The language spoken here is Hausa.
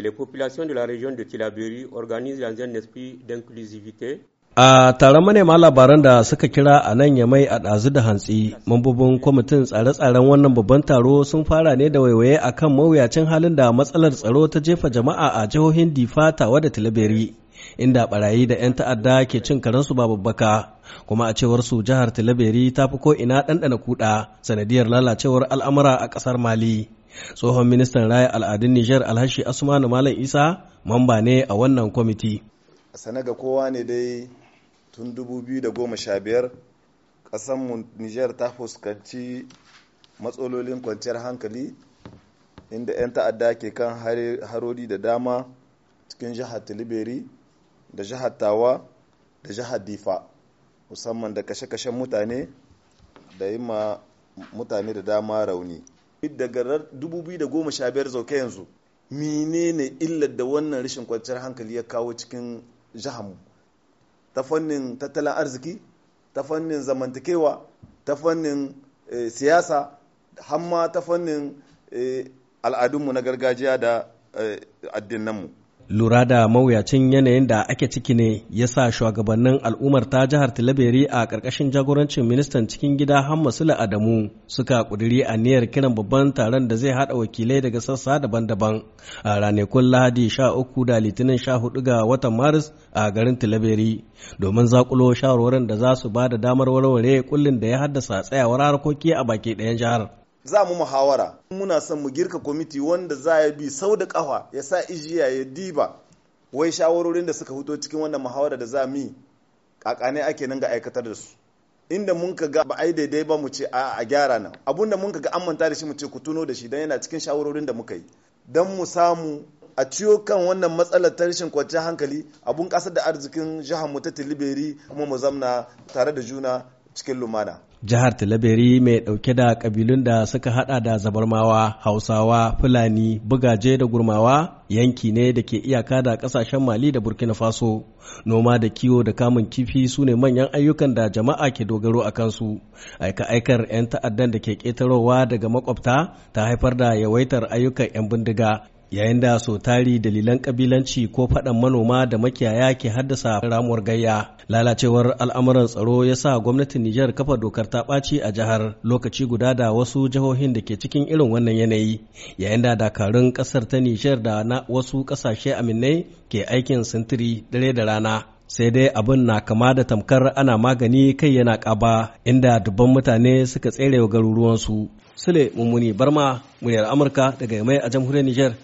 Les populations de la région de Tilaberi organisent dans un esprit d'inclusivité A taron manema labaran da suka kira a nan yamai a ɗazu da hantsi, mambobin kwamitin tsare-tsaren wannan babban taro sun fara ne da waiwaye a kan mawuyacin halin da matsalar tsaro ta jefa jama'a a jihohin Difa, Tawa da Tilaberi, inda barayi da 'yan ta'adda ke cin karensu ba babbaka. Kuma a cewar su jihar Tilaberi ta fi ko ina ɗanɗana kuɗa sanadiyar lalacewar al'amura a ƙasar Mali. Tsohon ministan raya al'adun Nijar Alhashi Asmanu Malam Isa mamba ne a wannan kwamiti. Sana ga kowa ne dai tun 2015 ƙasanmu Nijar ta fuskanci matsalolin kwanciyar hankali inda 'yan ta'adda ke kan harori da dama cikin jihar Tilibiri da jihar Tawa da jihar Difa musamman da kashe-kashen mutane da yi mutane da dama rauni. daga 2015 zauke yanzu menene illar da wannan rashin kwanciyar hankali ya kawo cikin jihamu ta fannin tattalin arziki ta fannin zamantakewa ta fannin eh, siyasa hamma ta fannin eh, al'adunmu na gargajiya da eh, addinanmu lura da mawuyacin yanayin da ake ciki ne ya sa shugabannin al'ummar ta jihar tilaberi a ƙarƙashin jagorancin ministan cikin gida hamma sula adamu suka a niyyar kiran babban taron da zai haɗa wakilai daga sassa daban-daban a ranakun lahadi sha uku da litinin sha hudu ga watan maris a garin tilaberi domin zakulo shawarwarin da za su ba da damar warware kullum da ya haddasa tsayawar harkoki a baki ɗayan jihar za mu muhawara muna son mu girka kwamiti wanda za ya bi sau da kafa ya sa ijiya ya diba wai shawarorin da suka fito cikin wannan muhawara da za mu yi kakane ake nan ga aikatar da su inda mun ka ga ba ai daidai ba mu ce a a gyara nan abinda mun ka ga an manta da shi mu ce ku tuno da shi dan yana cikin shawarorin da muka yi dan mu samu a ciyo kan wannan matsalar ta rashin kwanciyar hankali abun kasar da arzikin jihar mu ta tiliberi kuma mu zamna tare da juna cikin lumana jihar talabiri mai dauke da kabilun da suka hada da zabarmawa hausawa fulani bugaje da gurmawa yanki ne da ke iyaka da kasashen mali da burkina faso noma da kiwo da kamun kifi su ne manyan ayyukan da jama'a ke dogaro a kansu aika-aikar 'yan ta'addan da ke ketarowa daga makwabta ta haifar da yawaitar ayyukan 'yan bindiga yayin da so tari dalilan kabilanci ko faɗan manoma da makiyaya ke haddasa ramuwar gayya lalacewar al'amuran tsaro ya sa gwamnatin Nijar kafa dokar ta ɓaci a jihar lokaci guda da wasu jihohin da ke cikin irin wannan yanayi yayin da dakarun ƙasar ta Nijar da na wasu ƙasashe aminai ke aikin sintiri dare da rana sai dai abin na kama da tamkar ana magani kai yana ƙaba inda dubban mutane suka tsere garuruwansu. Sule Mummuni Barma, muryar Amurka daga mai a jamhuriyar Nijar.